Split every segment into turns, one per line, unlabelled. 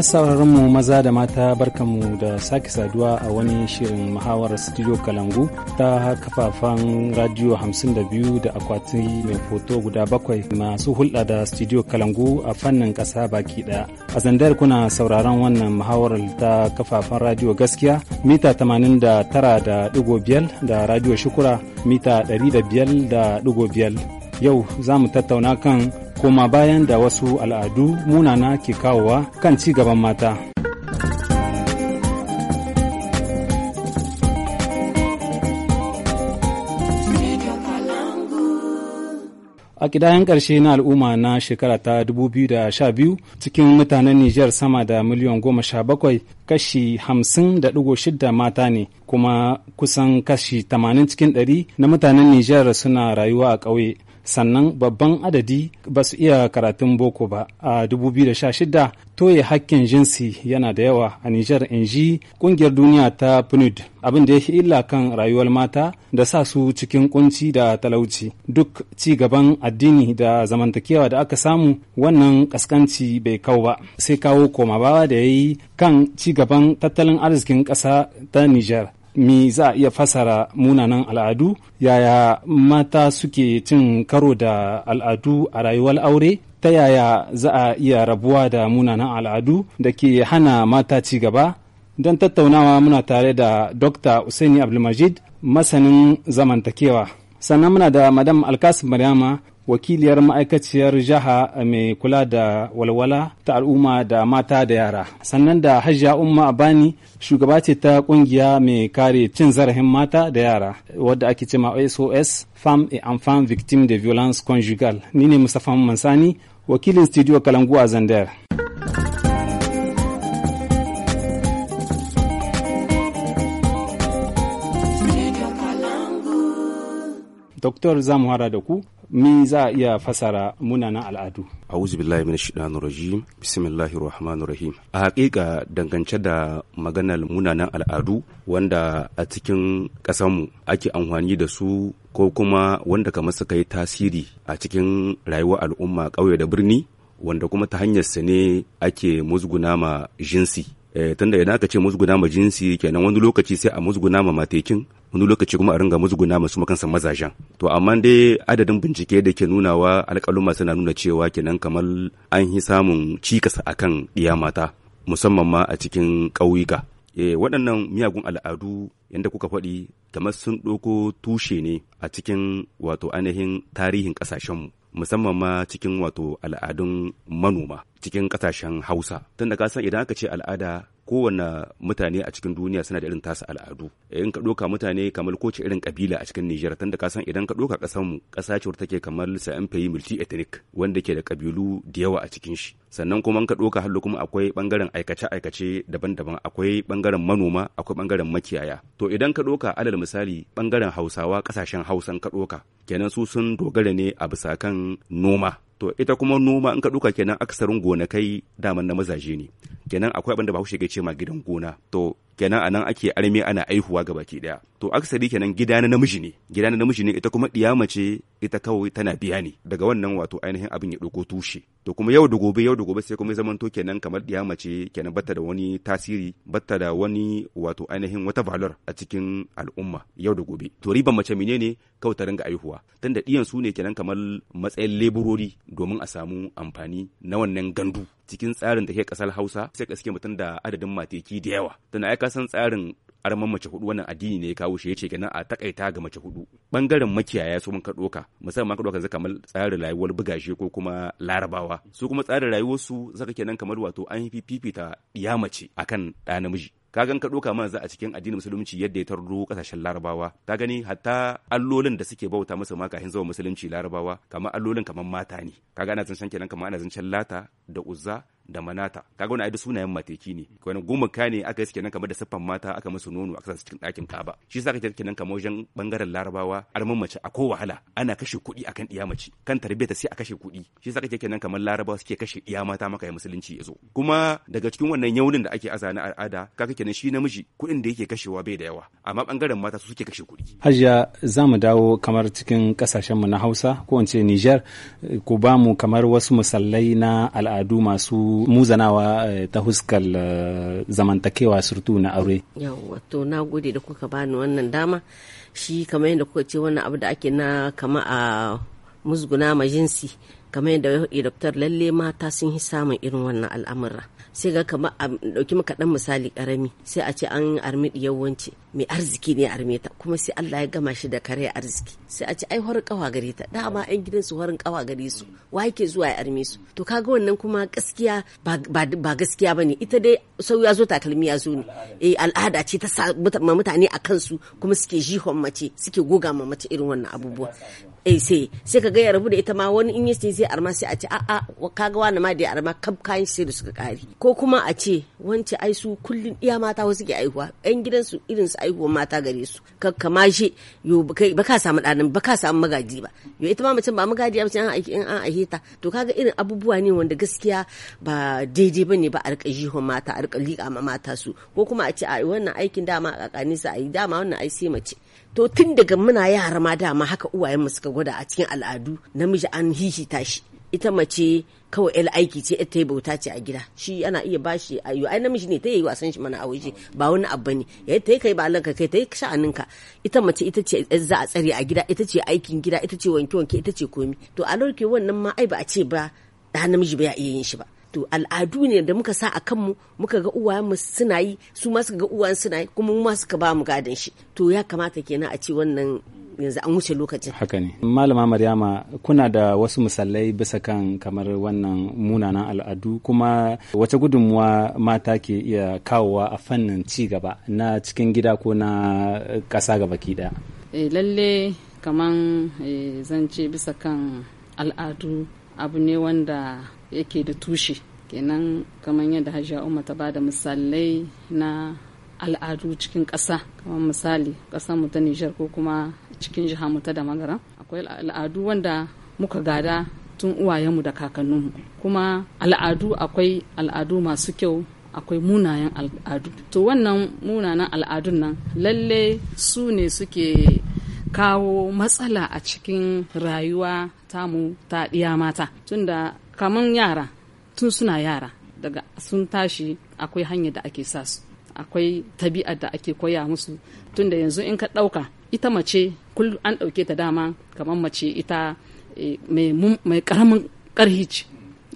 Masu sauraron mu maza da mata mu da sake saduwa a wani shirin muhawarar studio Kalangu ta kafafen radio 52 da akwati mai foto guda bakwai masu hulɗa da studio Kalangu a fannin ƙasa baki ɗaya. A zandar kuna sauraron wannan muhawarar ta kafafen radio gaskiya mita 89 da da radio shukura mita 105 da ɗigo biyar. Yau za mu tattauna kan koma bayan da wasu al'adu munana ke kawowa kan ci gaban mata. a kidayen ƙarshe na al'umma na shekara ta 2012 cikin mutanen Nijar sama da miliyan 17 kashi 50.6 mata ne kuma kusan kashi 80 cikin 100 na mutanen Nijar suna rayuwa a ƙauye sannan babban adadi ba su iya karatun boko ba a 2016 toye hakkin jinsi yana da yawa a Nijar in ji kungiyar duniya ta PNUD abin da ya fi illa kan rayuwar mata da sa su cikin kunci da talauci duk ci gaban addini da zamantakewa da aka samu wannan kaskanci bai kau ba sai kawo koma bawa da ya yi kan ci gaban tattalin arzikin ƙasa ta Nijar me za a iya fasara munanan al'adu yaya mata suke cin karo da al'adu a rayuwar aure ta yaya za a iya rabuwa da munanan al'adu da ke hana mata ci gaba don tattaunawa muna tare da dr usaini abdulmajid masanin zamantakewa sannan muna da madam alkasim maryama wakiliyar ma'aikaciyar jiha mai kula da walwala ta al'umma da mata da yara sannan da hajiya umma Bani shugaba ce ta kungiya mai kare cin zarafin mata da yara wadda ake cema sos fam et enfant victim de violence conjugal ni ne musafa mansani wakilin studio kalangu a zandar Doktor za mu da ku mi za a iya fasara munanan al'adu
a'udhu billahi minash shaitanir rajim bismillahir rahmanir rahim a haƙiƙa dangance da maganar munanan al'adu wanda a cikin ƙasarmu ake amfani da su ko kuma wanda kamar suka yi tasiri a cikin rayuwar al'umma ƙauye da birni wanda kuma ta hanyarsa ne ake musguna ma jinsi Eh, tunda idan aka ce musguna ma jinsi kenan wani lokaci sai a musguna ma matekin wani lokaci kuma a ringa musguna ma su makansa mazajen to amma dai adadin bincike da ke nunawa alƙaluma suna nuna cewa kenan kamar an yi samun cikas akan iya mata musamman ma a cikin ƙauyuka e, waɗannan miyagun al'adu yadda kuka faɗi kamar sun ɗauko tushe ne a cikin wato ainihin tarihin ƙasashenmu musamman ma cikin wato al'adun manoma cikin kasashen hausa tun ka san idan aka ce al'ada kowane mutane a cikin duniya suna da irin tasa al'adu eh, in ka ɗoka mutane kamar ce irin kabila a cikin Nijar tun ka san idan ka ɗoka ƙasar mu ƙasa ce take kamar sa'an fayi multi ethnic wanda ke da kabilu da yawa a cikin shi sannan kuma ka ɗoka hallo kuma akwai ɓangaren aikace-aikace daban-daban akwai ɓangaren manoma akwai ɓangaren makiyaya to idan ka ɗoka alal misali ɓangaren hausawa ƙasashen hausan ka ɗoka kenan su sun dogara ne a bisa kan noma to ita kuma noma in ka ɗoka kenan aksarin gonakai daman na mazaje ne kenan akwai abin da bahaushe ke ce ma gidan gona to kenan anan ake arme ana aihuwa ga baki daya to aksari kenan gida na namiji ne gida na namiji ne ita kuma diya mace ita kawai tana biya ne daga wannan wato ainihin abin ya dogo tushe to kuma yau da gobe yau da gobe sai kuma to kenan kamar diya mace kenan batta da wani tasiri batta da wani wato ainihin wata valor a cikin al'umma yau da gobe to riban mace menene kawai ta ringa aihuwa tunda diyan su ne kenan kamar matsayin leburori domin a samu amfani na wannan gandu cikin tsarin da ke kasar Hausa sai ka iske mutum da adadin mateki da yawa tana ya san tsarin arman mace hudu wannan addini ne ya kawo shi yace kenan a takaita ga mace hudu bangaren makiyaya su mun ka doka musamman ka doka zaka kamar tsarin rayuwar bugashe ko kuma larabawa su kuma tsarin rayuwar su zaka kenan kamar wato an fi fifita ya mace akan ɗa namiji ka gan ka doka mana za a cikin addinin musulunci yadda ya tarro kasashen larabawa ka gani hatta allolin da suke bauta musu ma kafin zuwa musulunci larabawa kamar allolin kamar mata ne ka gana ana zancen kenan kamar ana zancen lata da uzza da manata kaga wani ai sunayen mateki ne wani goma ne aka yi kenan kamar da siffan mata aka musu nono aka su cikin ɗakin kaba shi sa kake kenan kamar wajen bangaren larabawa arman mace a ko wahala ana kashe kuɗi akan iya mace kan ta sai a kashe kuɗi shi sa kake kenan kamar larabawa suke kashe iya mata maka ya musulunci ya zo kuma daga cikin wannan yaunin da ake aza na al'ada ke kenan shi namiji kuɗin da yake kashewa bai da yawa amma bangaren mata su suke kashe kuɗi
hajiya za mu dawo kamar cikin kasashen mu na Hausa ko in ce Niger ku ba mu kamar wasu musallai na al'adu masu muzanawa eh, ta huskar eh, zamantakewa surtu na aure
yawwa to na gode da kuka bani wannan dama shi kamar yadda kuka ce wannan abu da ake na kama a musguna majinsi jinsi kamar yadda eh, doktor lalle mata sun yi samun irin wannan al'amura sai ga kamar a ɗauki maka dan misali ƙarami sai a ce an armi yawanci mai arziki ne arme ta kuma sai Allah ya gama shi da kare arziki sai a ce ai horin kawa gare ta dama yan gidan su horin kawa gare su wa yake zuwa ya arme su to kaga wannan kuma gaskiya ba gaskiya bane ita dai sau ya zo takalmi ya zo ne eh al'ada ce ta sa mutane a kansu kuma suke jihon mace suke goga ma mace irin wannan abubuwa a eh, sai sai kaga ya rabu da ita ma wani in yace zai arma sai a ce a'a kaga wani ma da ya arma kab kayan sai da suka kare ko kuma a ce wance ai su kullun iya mata wasu ke aihuwa yan gidansu irin su aihuwa mata gare su kakka ma shi yo ba ka samu danin ba ka samu magaji ba yo ita ma mace ba magaji ba an aiki in an ahe ta to kaga irin abubuwa ne wanda gaskiya ba daidai bane ba a rika jihon mata a rika ma mata su ko kuma a ce a wannan aikin dama a kakani sa a dama wannan ai sai mace to tun daga muna yara ma dama haka uwayenmu suka gwada a cikin al'adu namiji an hihita shi ita mace kawai el aiki ce ita yi bauta ce a gida shi ana iya bashi ayo ai namiji ne ta yi wasan shi mana a waje ba wani abu bane ya ta yi kai ba alanka kai ta yi sha'anin ka ita mace ita ce za a tsare a gida ita ce aikin gida ita ce wanke wanke ita ce komi to a lokacin wannan ma ai ba a ce ba da namiji ba ya iya yin shi ba to al'adu ne da muka sa a kanmu muka ga uwayenmu suna yi su ma suka ga uwayen suna yi kuma mu ma suka ba mu gadon shi to ya kamata kenan a ce wannan yanzu an wuce lokacin.
Haka ne. Malama Maryama kuna da wasu misalai bisa kan kamar wannan munanan al'adu kuma wace gudunmuwa mata ke iya kawowa a fannin ci gaba na cikin gida ko na ƙasa gaba ki ɗaya.
Eh, lalle kaman eh, zan ce bisa kan al'adu abu ne wanda yake da tushe kenan kamar yadda hajiya umar ta bada misalai na al'adu cikin ƙasa kamar misali ƙasar mu ta nijar ko kuma cikin jiha mu ta da magara akwai al'adu wanda muka gada tun uwayenmu da kakanninmu kuma al'adu akwai al'adu masu kyau akwai munayen al'adu to wannan munanan al'adun nan lalle su ne suke kawo matsala a cikin rayuwa tamu ta ɗiya mata tunda kamar yara tun suna yara daga sun tashi akwai hanyar da ake sa su akwai tabi'ar da ake koya musu tun da yanzu in ka ɗauka ita mace kullum an ɗauke ta dama kamar mace ita eh, mai ƙaramin ƙarhi ce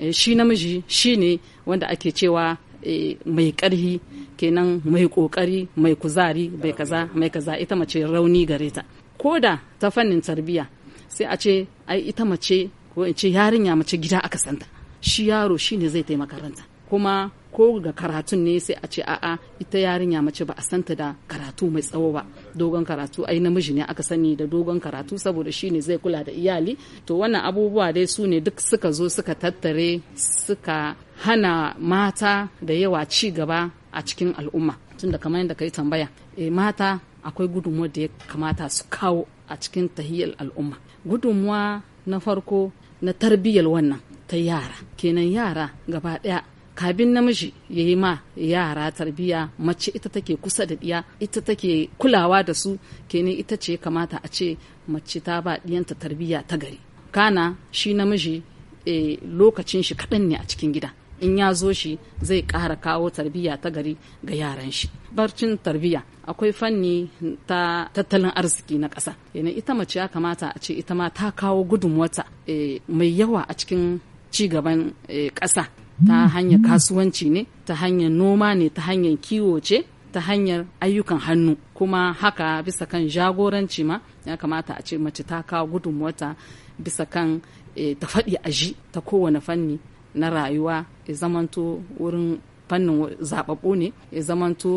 eh, shi namiji shi ne wanda ake cewa eh, mai ƙarhi kenan mai ƙoƙari mai kuzari mai kaza mai kaza ita mace rauni gare ta ko da ta fannin tarbiyya sai a ce ai ita mace ko in ce yarinya mace gida aka santa shi yaro shi ne zai taimaka ranta kuma ko ga karatun ne sai a ce a'a ita yarinya mace ba a santa da karatu mai tsawo ba dogon karatu ai namiji ne aka sani da dogon karatu saboda shi ne zai kula da iyali to wannan abubuwa dai su ne duk suka zo suka tattare suka hana mata da yawa ci gaba a cikin al'umma tunda kamar yadda ka yi tambaya e, mata akwai gudunmuwa da ya kamata su kawo a cikin tahiyar al'umma gudunmuwa na farko na tarbiyyar wannan ta yara kenan yara gaba daya kabin namiji ya yi ma yara tarbiyya mace ita take kusa da ɗiya ita take kulawa da su kenan ita ce kamata a ce mace ta ba ɗiyanta tarbiyya ta gari kana shi namiji eh, lokacin shi kaɗan ne a cikin gida in ya zo shi zai kara kawo tarbiyya ta gari ga yaran shi barcin tarbiyya akwai fanni ta tattalin arziki na ƙasa yana ita mace ya kamata a ce ita ma ta kawo gudunmuwata eh, mai yawa a cikin ci gaban eh, ƙasa ta hanyar kasuwanci ne ta hanyar noma ne ta hanyar kiwo ce ta hanyar ayyukan hannu kuma haka bisa kan jagoranci ma ya kamata a ce mace ta kawo gudunmuwata bisa kan eh, ta faɗi aji ta kowane fanni na rayuwa ya zamanto wurin fannin zaɓaɓɓu ne ya zamanto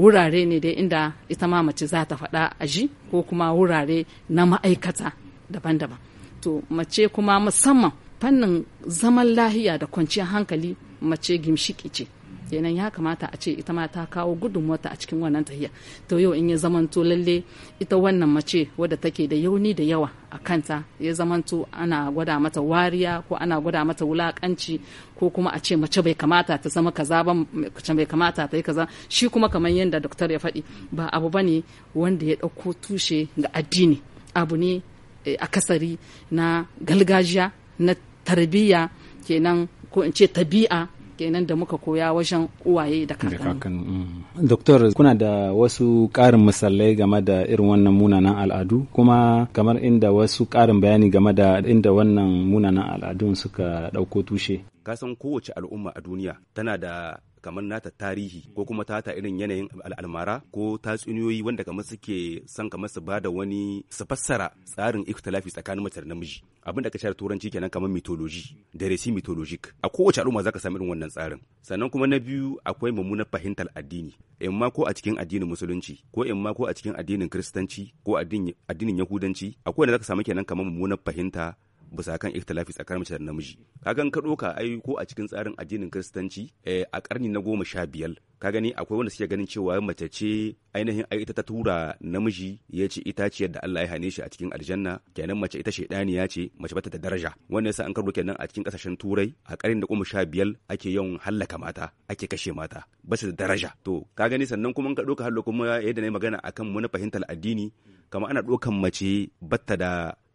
wurare ne dai inda ita ma mace za ta faɗa a ji ko kuma wurare na ma'aikata daban-daban to mace kuma musamman fannin zaman lahiya da kwanciyar hankali mace gimshiki ce kenan ya kamata a ce ita ma ta kawo gudunmuwarta a cikin wannan tahiya to yau in ya zamanto lalle ita wannan mace wadda take da yauni da yawa a kanta ya zamanto ana gwada mata wariya ko ana gwada mata wulakanci ko kuma a ce mace bai kamata ta zama kaza ba mace bai kamata ta yi kaza shi kuma kamar yadda doktor ya faɗi ba abu ba ne wanda ya ɗauko tushe ga addini abu ne eh, a kasari na galgajiya na tarbiyya kenan ko in ce tabi'a kenan da muka koya wajen
uwaye da kakanni. Mm. Doktor kuna da wasu ƙarin misalai game da irin wannan munanan al'adu kuma kamar inda wasu ƙarin bayani game da inda wannan munanan al'adun suka ɗauko tushe.
Kasan kowace al'umma a duniya tana da kamar nata tarihi ko kuma tata irin yanayin al'almara ko tatsuniyoyi wanda kamar suke san kamar su ba da wani su fassara tsarin ikhtilafi tsakanin mace da namiji abin da ka share turanci kenan kamar mythology da resi mythologic a kowace al'umma zaka samu irin wannan tsarin sannan kuma na biyu akwai mummunar fahimtar addini in ma ko a cikin addinin musulunci ko in ma ko a cikin addinin kiristanci ko addinin yahudanci akwai da zaka samu kenan kamar mummunar fahimta bisa kan ikhtilafi tsakanin mace da namiji kagan ka doka ai ko a cikin tsarin addinin kiristanci eh, a karni na goma sha biyar ka gani akwai wanda suke ganin cewa mace ce ainihin ai ita ta tura namiji ya ce ita ce da Allah ya hane shi a cikin aljanna kenan mace ita ya ce mace bata da daraja wannan yasa an karbo kenan a cikin kasashen turai a karni na goma sha biyar ake yawan hallaka mata ake kashe mata ba da daraja to ka gani sannan kuma ka doka hallo kuma yadda na magana akan wani fahimtar addini kama ana ɗaukan mace batta da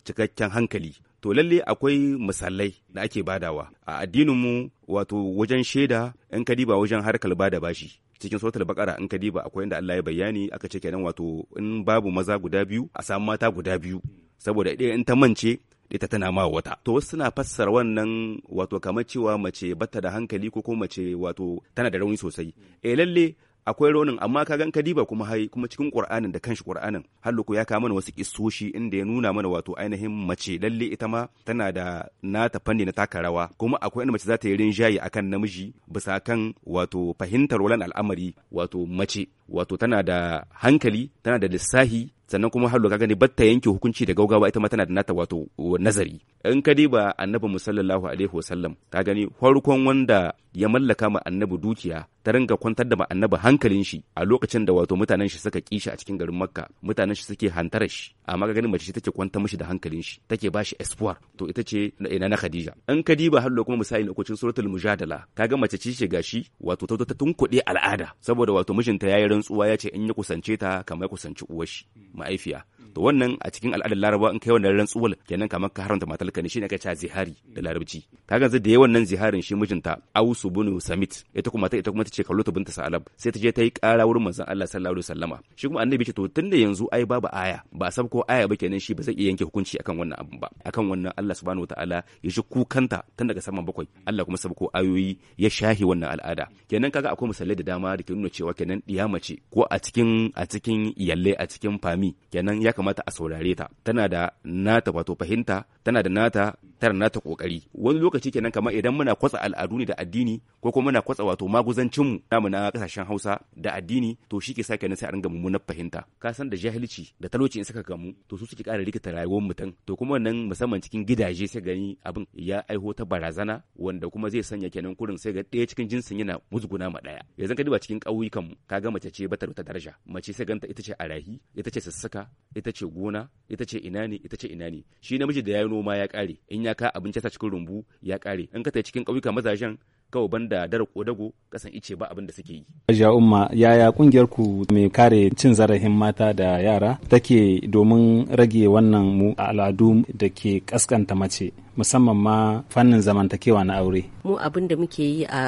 cikakken hankali to lalle akwai misalai da ake badawa a addininmu wato wajen shaida in ka diba wajen harkar bada bashi cikin sotar bakara in ka diba akwai inda Allah ya bayani aka ce kenan wato in babu maza guda biyu a samu mata guda biyu saboda ɗaya in ta mance ita tana ma wata to wasu suna fassara wannan wato kamar cewa mace bata da hankali ko kuma mace wato tana da rauni sosai eh lalle akwai raunin amma ka gan kadiba kuma hai kuma cikin qur'anin da kanshi qur'anin halluku ya kawo mana wasu kissoshi inda ya nuna mana wato ainihin mace lalle ita ma tana da nata fanni na taka rawa kuma akwai inda mace za ta yi rinjaye akan namiji bisa kan wato fahimtar walan al'amari wato mace wato tana da hankali tana da lissahi sannan kuma har kaga gani batta yanke hukunci da gaugawa ita ma tana da nata wato nazari in ka diba annabi musallallahu alaihi wasallam ka gani farkon wanda ya mallaka ma annabi dukiya ta ringa kwantar da annabi hankalin shi a lokacin da wato mutanen shi suka kishi a cikin garin makka mutanen shi suke hantarar shi amma ga ganin mace take kwantar mishi da hankalin shi take bashi espoir to ita ce na ina na khadija in kadiba har kuma misali na ukun suratul mujadala kaga mace ce gashi wato ta ta tunkuɗe al'ada saboda wato mijinta yayi rantsuwa ya ce in ya kusance ta kamar ya kusanci uwar shi ma'aifiya to wannan a cikin al'adar laraba in kai wannan rantsuwal kenan kamar ka haramta matarka ne shine aka zihari da larabci kaga zai da yawan nan ziharin shi mijinta ausu bunu samit ita kuma ta ita kuma ta ce kallo ta binta sa'alab sai ta je ta yi ƙara wurin manzon Allah sallallahu alaihi wasallama shi kuma annabi ce to tunda yanzu ai babu aya ba sab ko aya ba kenan shi ba zai iya yanke hukunci akan wannan abun ba akan wannan Allah subhanahu wataala ya shi kukanta tun daga saman bakwai Allah kuma sab ko ayoyi ya shahi wannan al'ada kenan kaga akwai misalai da dama da ke nuna cewa kenan diyama ce ko a cikin a cikin iyalle a cikin fami kenan ya kamata mata a saurare ta tana da nata wato fahimta tana da nata tana nata kokari wani lokaci kenan kamar idan muna kwatsa al'adu ne da addini ko kuma muna kwatsa wato maguzancinmu namu na kasashen Hausa da addini to shi ke sake nan sai a ringa mummunar fahimta ka san da jahilci da talauci in saka gamu to su suke ƙara rikita rayuwar mutum to kuma nan musamman cikin gidaje sai gani abin ya aiho ta barazana wanda kuma zai sanya kenan kurin sai ga ɗaya cikin jinsin yana muzguna ma ɗaya yanzu ka duba cikin ƙauyukan mu ga mace ce bata da daraja mace sai ganta ita ce arahi ita ce sassaka ita ce gona ita ce ina ne ita ce ina ne shi namiji da ya yi noma ya kare in ya ka abinci ta cikin rumbu ya kare in ka ta cikin ƙauyuka mazajen kawai banda dare kodago kasan ice ba abin
da suke yi. Ajiya Umma yaya kungiyar ku mai kare cin zarafin mata da yara take domin rage wannan mu al'adu da ke kaskanta mace musamman ma fannin zamantakewa na aure.
Mu abin da muke yi a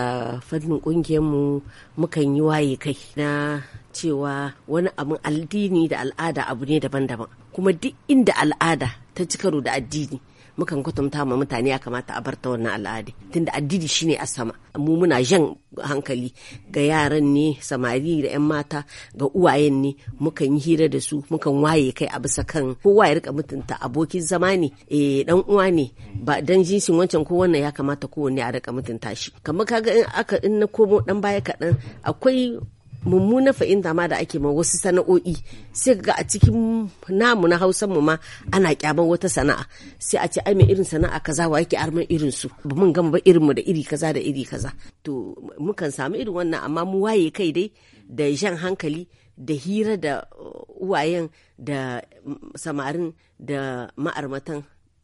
fannin kungiyar mu mukan yi waye kai na cewa wani abin addini da al'ada abu ne daban-daban kuma duk inda al'ada ta ci karo da addini mukan kwatanta ma mutane ya kamata a barta wannan al'adi tunda addini shine a sama mu muna jan hankali ga yaran ne samari da yan mata ga uwayen ne mukan yi hira da su mukan waye kai a bisa kan kowa ya rika mutunta abokin zama ne eh dan uwa ne ba dan jinsin wancan ko wannan ya kamata kowanne a rika mutunta shi kamar kaga in aka in na komo dan baya kaɗan akwai mummunan fa'inda ma da ake ma wasu sana'o'i sai ga a cikin namu na hausan mu ma ana kyaman wata sana'a sai a ce ai mai irin sana'a kaza wa yake arman irin su ba mun gama ba irin mu da iri kaza da iri kaza to mukan samu irin wannan amma mu waye kai dai da jan hankali da hira da uwayen da samarin da ma'armatan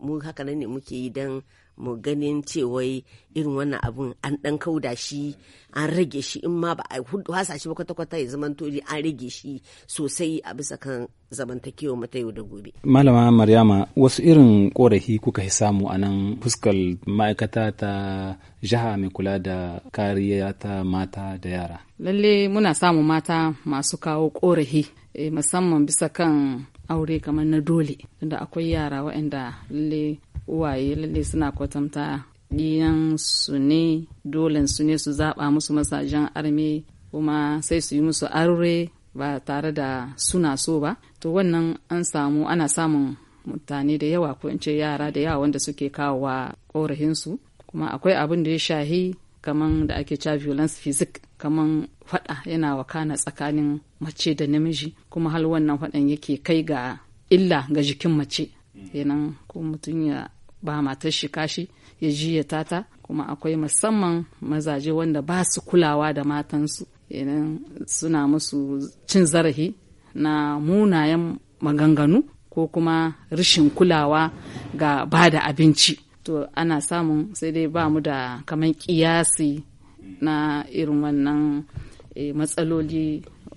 mu haka ne muke yi don mu ganin cewai irin wannan abun an dan kauda shi an rage shi in ma ba a hasa shi ba kwata-kwata ya zaman tori an rage shi sosai a bisa kan zamantakewa mata yau da gobe.
Malama Maryama wasu irin korafi kuka yi samu a nan fuskar ma'aikata ta jiha mai kula da kariya ta mata da yara.
Lalle muna samu mata masu kawo korafi eh, musamman bisa kan aure kamar na dole tunda akwai yara waɗanda lalle uwaye lalle suna kwatanta ɗiyan su ne dolen su ne su zaɓa musu masajen arme kuma sai su yi musu aure ba tare da suna so ba to wannan an samu ana samun mutane da yawa ko in ce yara da yawa wanda suke kawo wa korahinsu kuma akwai abin da ya shahi kaman da ake cewa violence physic kaman faɗa yana wakana tsakanin mace da namiji kuma hal wannan fadan yake kai ga illa ga jikin mace kenan ko mutum ya ba matar shi kashi ya ji ya tata kuma akwai musamman mazaje wanda ba su kulawa da matansu idan suna musu cin zarafi na munayen maganganu ko kuma rashin kulawa ga ba da abinci to ana samun sai dai ba mu da kamar kiyasi na irin wannan eh, matsaloli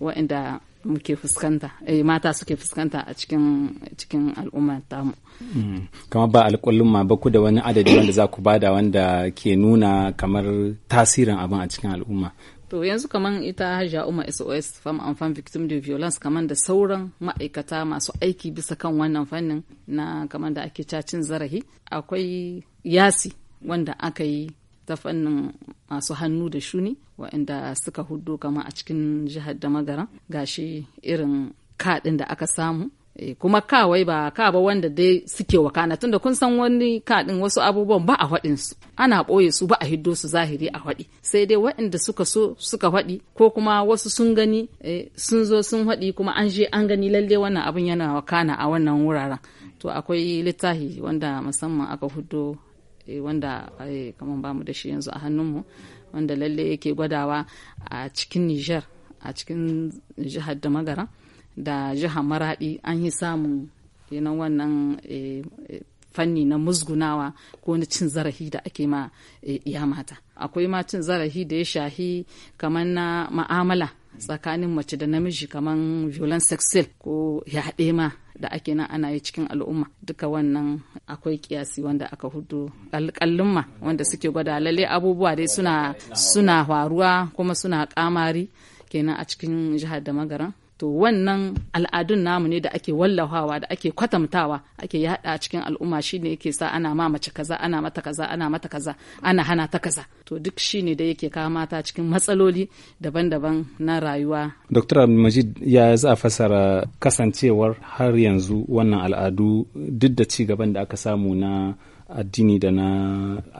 waɗanda muke fuskanta eh, mata suke fuskanta a cikin cikin al'umma mu
mm. kamar ba alƙullun ma ba ku da wani adadi wanda za ku bada wanda ke nuna kamar tasirin abin a cikin al'umma
to yanzu kamar ita hajja umar sos fam and fam victim de violence kamar da sauran ma'aikata masu aiki bisa kan wannan fannin na kamar da ake cacin zarahi akwai yasi wanda aka yi ta fannin masu hannu da shuni waɗanda suka hudu kama a cikin jihar da magara gashi irin kaɗin da aka samu e, kuma kawai ba ka ba wanda dai suke wakana tunda kun san wani kaɗin wasu abubuwan ba a haɗin su ana ɓoye su ba a hiddo su zahiri a haɗi sai dai waɗanda suka so suka haɗi ko kuma wasu sun gani e, sun zo sun haɗi kuma an je an gani lalle wannan abin yana wakana a wannan wuraren to akwai littafi wanda musamman aka hudo Eh, wanda eh, kamar bamu da shi yanzu a hannunmu wanda lalle yake gwadawa a cikin Nijar a cikin jihar da magara da jihar maradi an yi samun yanan wannan eh, fanni na musgunawa ko na cin zarafi da ake ma iya mata akwai ma cin zarafi da ya shahi kamar na ma'amala tsakanin mace da namiji kamar violence sexual ko yaɗe ma da ake nan ana yi cikin al'umma duka wannan akwai kiyasi wanda aka hudu kallumma wanda suke gwada lalle abubuwa dai suna suna faruwa kuma suna kamari kenan a cikin jihar da magaran to wannan al'adun namu ne da ake wallafawa da ake kwatamtawa ake yada a cikin al'umma shine yake sa ana ma mace kaza ana mata kaza ana mata kaza ana hana ta kaza to duk shine da yake kawo mata cikin matsaloli daban-daban na rayuwa
Dr. Majid ya za a fasara kasancewar har yanzu wannan al'adu duk da ci gaban da aka samu na addini da na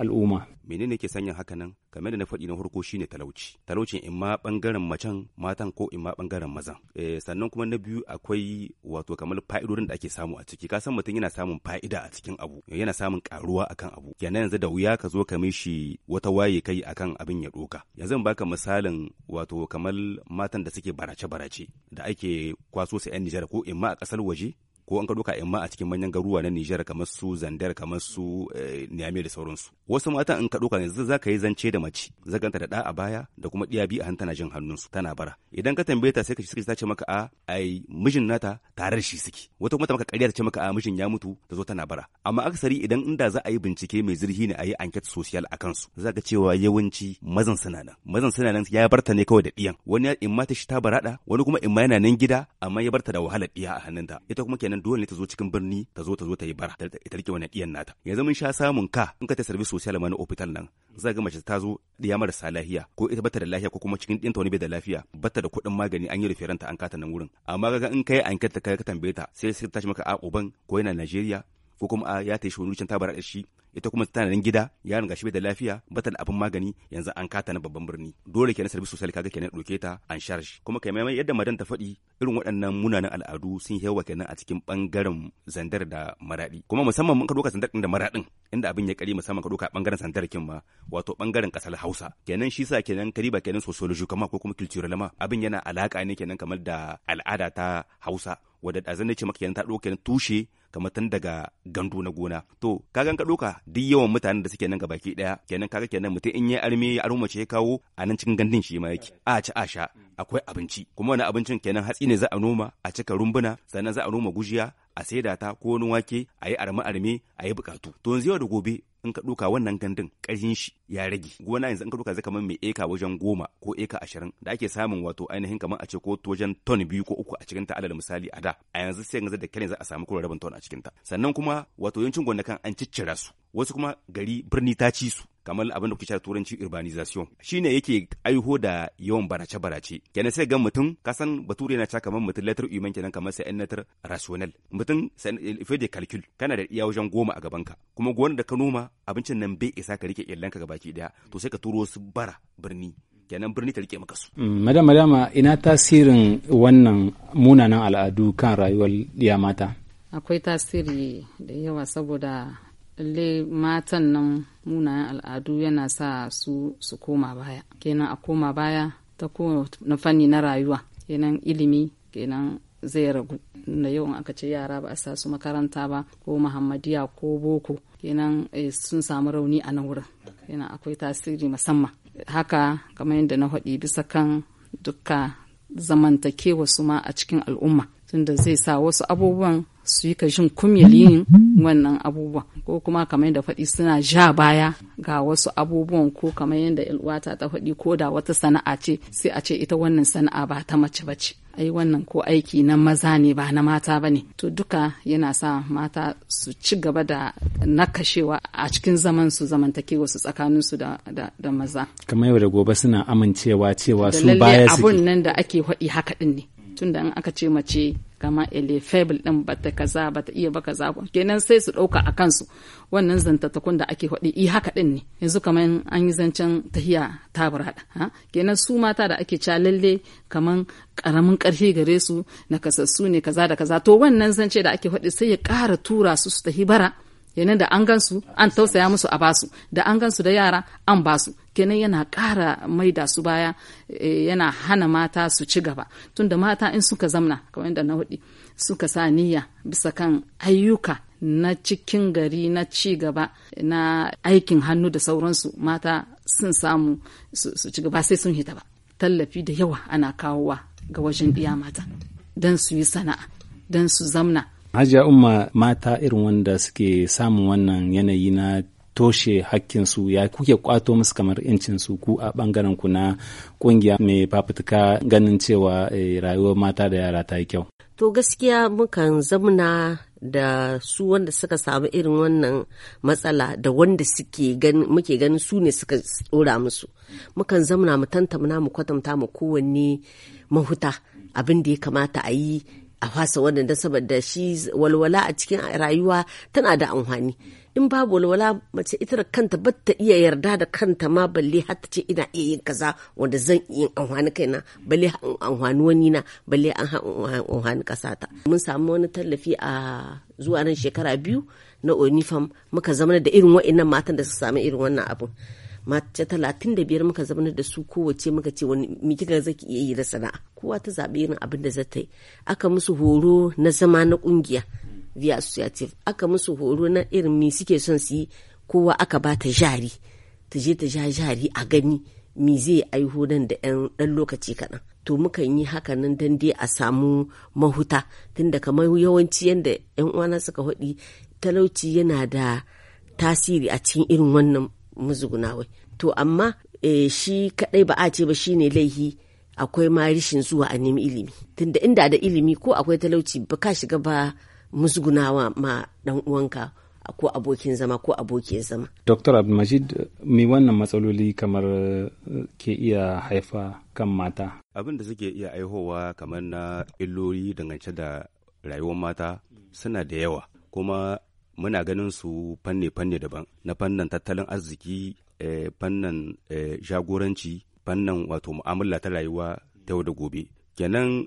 al'umma
menene ke sanya hakanan kamar da na faɗi na farko shine talauci talaucin in ma bangaren macen matan ko in ma bangaren mazan eh, sannan kuma na biyu akwai wato kamar fa'idodin da ake samu a ciki ka san mutum yana samun fa'ida a cikin abu yana samun karuwa akan abu kenan yanzu da wuya ka zo ka mishi wata waye kai akan abin ya doka yanzu in baka misalin wato kamar matan da suke barace barace da ake kwaso su yan Nijar ko in ma a kasar waje ko an ka doka in ma a cikin manyan garuruwa na Nijar kamar su Zandar kamar su eh, Niamey da sauransu wasu mata in ka doka ne za ka yi zance da mace zaganta da da a baya da kuma diya biyu a tana jin hannunsu tana bara idan ka tambaye ta sai ka suke ta ce maka a ah, ai mijin nata tare da shi suke wata kuma ta maka ƙarya ta ce maka a ah, mijin ya mutu ta zo tana bara amma akasari idan inda za a yi bincike mai zurfi ne a yi enquete social a kansu za ka cewa yawanci mazan suna nan mazan suna nan ya barta ne kawai da diyan wani in ma ta shi ta barada wani kuma in ma yana nan gida amma ya barta da wahalar diya a hannunta ita kuma kenan nan dole ne ta zo cikin birni ta zo ta zo ta yi bara ta rike wannan diyan nata yanzu mun sha samun ka in ka ta service social ma na hospital nan za ga mace ta zo diya marasa lafiya ko ita bata da lafiya ko kuma cikin ɗinta wani bai da lafiya bata da kuɗin magani an yi referenta an kata nan wurin amma ga in kai an kai ka tambaye ta sai sai ta ce maka a uban ko yana Najeriya ko kuma a ya ta yi shi wani wucin tabara da shi ita kuma tana nan gida yaron riga bai da lafiya bata da abin magani yanzu an kata na babban birni dole kenan service social kaga kenan doke ta an charge kuma kai mai yadda madan ta faɗi irin waɗannan munanan al'adu sun yawa kenan a cikin bangaren zandar da maradi kuma musamman mun ka doka zandar da maradin inda abin ya kare musamman ka doka bangaren zandar kin ma wato bangaren kasar Hausa kenan shi sa kenan kariba kenan sociology kuma ko kuma cultural ma abin yana alaka ne kenan kamar da al'ada ta Hausa wadda da zan ce maka kenan ta doka tushe kamar tun daga gandu na gona to kagan ka ɗauka duk yawan mutanen da suke nan gabaki ɗaya kenan kaga kenan mutum in ya armi ya arme ya kawo a nan cikin gandun shi ma yake a ci a akwai abinci kuma wani abincin kenan hatsi ne za a noma a cika rumbuna sannan za a noma gujiya a saida ta ko wani wake a yi arme arme a yi bukatu to yanzu yau da gobe in ka duka wannan gandun ƙarfin shi ya rage gona yanzu in ka duka zai kamar mai eka wajen goma ko eka ashirin da ake samun wato ainihin kamar a ce ko wajen ton biyu ko uku a cikin ta alal misali a da a yanzu sai yanzu da kyalin za a samu kuma rabin ton a cikin ta sannan kuma wato yancin gonakan an ciccira su wasu kuma gari birni ta ci su kamar abin da kuke cewa turanci urbanization shine yake aiho da yawan barace barace kenan sai ga mutum ka san bature yana cewa kamar mutum letter human kenan kamar sai letter rational mutum sai de calcul kana da iya wajen goma a ka kuma gonar da ka noma abincin nan bai isa ka rike ka gabaki daya to sai ka turo su bara birni kenan birni ta rike maka su.
Mm, Madam Madama ina tasirin wannan munanan al'adu kan rayuwar ya mata?
Akwai tasiri da yawa saboda le matan nan munayen al'adu yana sa su su koma baya kenan a koma baya ta na fanni na rayuwa kenan ilimi kenan zai ragu da yau aka ce yara ba a sa su makaranta ba ko muhammadiya ko boko kenan eh, sun samu rauni a nan wurin kenan akwai tasiri musamman haka kamar yadda na haɗi bisa kan duka zamantakewa su ma a cikin al'umma tunda zai sa wasu abubuwan su yi ka jin wannan abubuwan ko kuma kamar da faɗi suna ja baya ga wasu abubuwan ko kamar yadda ilwata ta faɗi ko da wata sana'a ce sai a ce ita wannan sana'a ba ta mace bace ai wannan ko aiki na maza ne ba na mata ba ne to duka yana sa mata su ci gaba da nakashewa a cikin zaman su zamantakewa su tsakanin su da, maza
kamar yau da gobe suna amincewa cewa su baya su abun
nan da ake haɗi haka din ne tunda in aka ce mace kama ele fable din bata kaza bata iya ba kaza kenan sai su dauka a kansu wannan zantattakun da ake faɗi i haka din ne yanzu kaman an yi zancen tahiya ta burada kenan su mata da ake ca lalle kaman karamin karfi gare su na kasassu ne kaza da kaza to wannan zance da ake faɗi sai ya ƙara tura su su tahi bara kenan da an gansu an tausaya musu a basu da an gansu da yara an basu kenan yana ƙara da su baya eh, yana hana mata su ci gaba tunda mata in suka zamna kamar yadda na hudi suka sa niyya bisa kan ayyuka na cikin gari na ci gaba na aikin hannu da sauransu mata sun samu su ci gaba sai sun hita ba tallafi da yawa ana kawowa ga wajen ɗiya mata don su yi sana'a don su zamna
hajiya umma mata irin wanda suke samun wannan yanayi na toshe hakkinsu ya kuke kwato musu kamar su ku a bangaren ku na kungiya mai fafutuka ganin cewa eh, rayuwar mata da yara ta yi kyau
to gaskiya mukan zamuna da su wanda suka samu irin wannan matsala da wanda suke gan, muke ganin su ne suka tsora musu mukan zamna mu tantamna mu kwatanta mu kowanne mahuta abin da ya kamata a yi a fasa wannan saboda shi walwala a cikin rayuwa tana da amfani in babu walwala mace ita da kanta ba ta iya yarda da kanta ma balle har ta ce ina iya yin kaza wanda zan iya yin amfani kaina balle amfani wani na balle an amfani kasa ta mun samu wani tallafi a zuwa nan shekara biyu na onifam muka zama da irin wa'annan matan da su sami irin wannan abun mace talatin da biyar muka zama da su kowace muka ce wani mikika zaki iya yi da sana'a kowa ta zaɓi irin abin da za ta yi aka musu horo na zama na ƙungiya via associative aka musu horo na irin mi suke son su yi kowa aka ba ta jari ta je ta ja jari a gani mi zai aiho nan da yan ɗan lokaci kaɗan to mukan yi haka nan dan dai a samu mahuta tunda kamar yawanci yadda yan uwana suka haɗi talauci yana da tasiri a cikin irin wannan muzugunawa to amma e, shi kaɗai ba a ce ba shine laihi akwai ma rishin zuwa a nemi ilimi tunda inda da ilimi ko akwai talauci ba ka shiga ba musgunawa ma dan uwanka ko abokin zama ko abokin zama.
Dr. Abdulmajid, me wannan matsaloli kamar eh, ke iya haifa kan mata?
Abin da suke iya aihowa kamar na illoli dangance da rayuwar mata suna da yawa kuma muna ganin su fanne-fanne daban na fannin tattalin arziki eh, fannin eh, jagoranci fannin wato mu'amala ta rayuwa ta yau da gobe kenan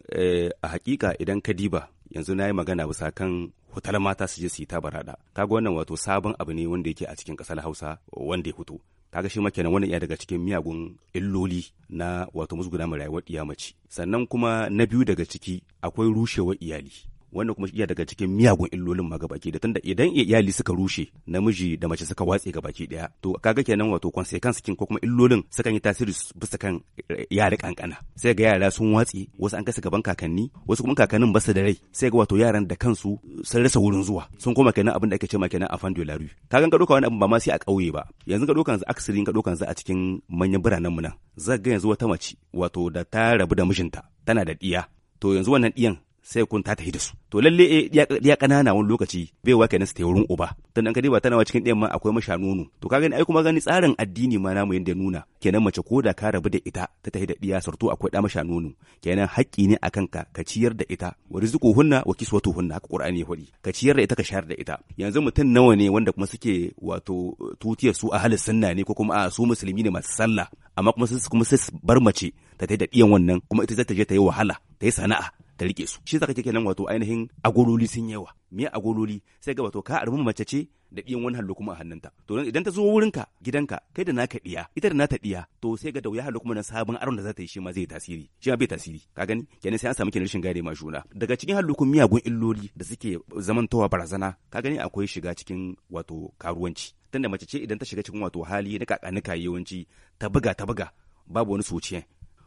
a hakika idan ka diba yanzu na yi magana bisa kan hotel mata su je su yi ta barada ga wannan wato sabon abu ne wanda yake a cikin ƙasar hausa wanda ya fito kaga shi ma kenan wannan iya daga cikin miyagun illoli na wato musguna mu rayuwar iya mace sannan kuma na biyu daga ciki akwai rushewar iyali wannan kuma iya daga cikin miyagun illolin ma gabaki da tunda idan iyali suka rushe namiji da mace suka watse gabaki daya to kaga kenan wato consequence kin ko kuma illolin sukan yi tasiri bisa kan eh, yare kankana sai ga yara sun watse wasu an kasa gaban kakanni wasu kuma kakannin ba su da rai sai ga wato yaran da kansu sun rasa wurin zuwa sun koma kenan abin da ake cewa kenan a fandu laru kaga ka doka wani abin ba ma sai a kauye ba yanzu ka doka yanzu aksiri ka doka yanzu a cikin manyan biranen mu nan zaka ga yanzu wata mace wato da ta rabu da mijinta tana da diya to yanzu wannan diyan sai kun ta tafi da su to lalle eh, ya kanana wani lokaci bai wa kenan su ta wurin uba dan an ba tana cikin ɗayan ma akwai masha nono to ka gani ai kuma gani tsarin addini ma namu yanda nuna kenan mace ko da ka rabu da ita ta tafi da diya sarto akwai da masha nono kenan haƙƙi ne akan ka ka ciyar da ita wa rizqu hunna wa kiswatu hunna haka qur'ani ya faɗi ka ciyar da ita ka shayar da ita yanzu mutum nawa ne wanda kuma suke wato tutiyar su ahli sunna ne ko kuma a su musulmi ne masu sallah amma kuma sai kuma bar mace ta tafi da ɗiyan wannan kuma ita za ta je ta yi wahala ta yi sana'a ta rike su shi zaka kenan wato ainihin agololi sun yawa me agololi sai ga wato ka armi mace ce da biyan wani hallo kuma a hannunta to idan ta zo wurinka gidanka kai da naka ɗiya ita da nata ɗiya to sai ga da wuya hallo kuma na sabon aron da za ta yi shi ma zai tasiri shi ma bai tasiri ka gani kenan sai an samu kenan rashin gare ma juna daga cikin hallo kuma miyagun illoli da suke zamantowa barazana ka gani akwai shiga cikin wato karuwanci tunda mace ce idan ta shiga cikin wato hali na kakanika yawanci ta buga ta buga babu wani sociyan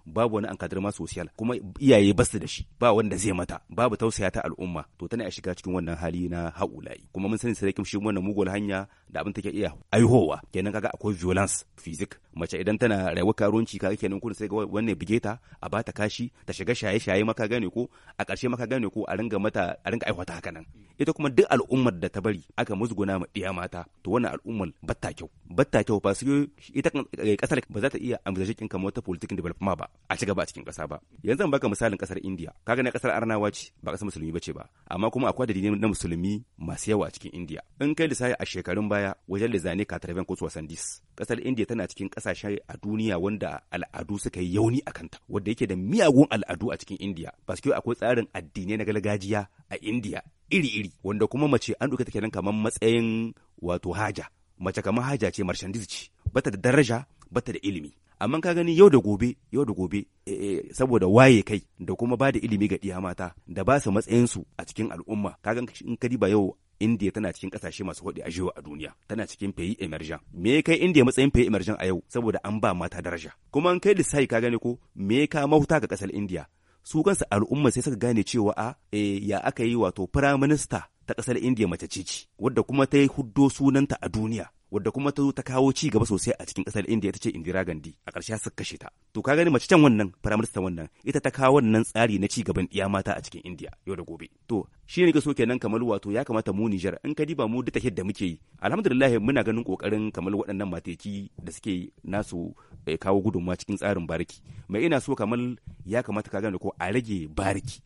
babu wani ankadarma social kuma iyaye ba su da shi ba wanda zai mata babu tausaya ta al'umma to tana ya shiga cikin wannan hali na haulayi kuma mun sani sarakin shi wannan mugul hanya da abin take iya aihowa kenan kaga akwai violence physique mace idan tana rayuwa karuwanci kaga kenan kun sai wanne bige ta a bata kashi ta shiga shaye shaye maka gane ko a ƙarshe maka gane ko a ringa mata a ringa aihwata haka nan ita kuma duk al'ummar da ta bari aka musguna ma diya mata to wannan al'ummar batta kyau batta kyau ba su ita kasar eh, ba za ta iya amsashi kin kamar ta political development ba a ci gaba a cikin kasa ba yanzu baka misalin kasar India kaga ne ƙasar Arnawa ce ba kasar musulmi bace ba amma kuma akwai dalilai na musulmi masu yawa a cikin India in kai lissafi a shekarun baya baya wajen da zane katarven ko dis kasar indiya tana cikin kasashe a duniya wanda al'adu suka yi yauni a kanta wanda yake da miyagun al'adu a cikin indiya basu akwai tsarin addinai na gargajiya a indiya iri-iri wanda kuma mace an ɗauke ta kenan kamar matsayin wato haja mace kamar haja ce marshandis ce bata da daraja bata da ilimi amma ka gani yau da gobe yau da gobe eh, eh, saboda waye kai da kuma ba da ilimi ga ɗiya mata da ba su matsayinsu a cikin al'umma ka gan in ka diba yau India tana cikin kasashe masu hudi a a duniya tana cikin fayi emerjan me ya kai India matsayin fayi emerjan a yau saboda an ba mata daraja kuma an kai lissahi ka gane ko me ya ka mahuta ga kasar India su kansu al'umma sai suka gane cewa a eh, ya aka yi wato prime minister ta kasar India mace ce wadda kuma ta yi huddo sunanta a duniya wadda kuma ta zo ta kawo ci gaba sosai a cikin kasar India ita ce Indira Gandhi a ƙarshe suka kashe ta to ka gani mace can wannan firaminista wannan ita ta kawo wannan tsari na ci gaban iya mata a cikin indiya yau da gobe to shi ne so kenan kamar wato ya kamata mu nijar in ka diba mu duka yadda muke yi alhamdulillah muna ganin kokarin kamar waɗannan mateki da suke nasu eh, kawo gudunmawa cikin tsarin bariki mai ina so kamar ya kamata ka gane ko a rage bariki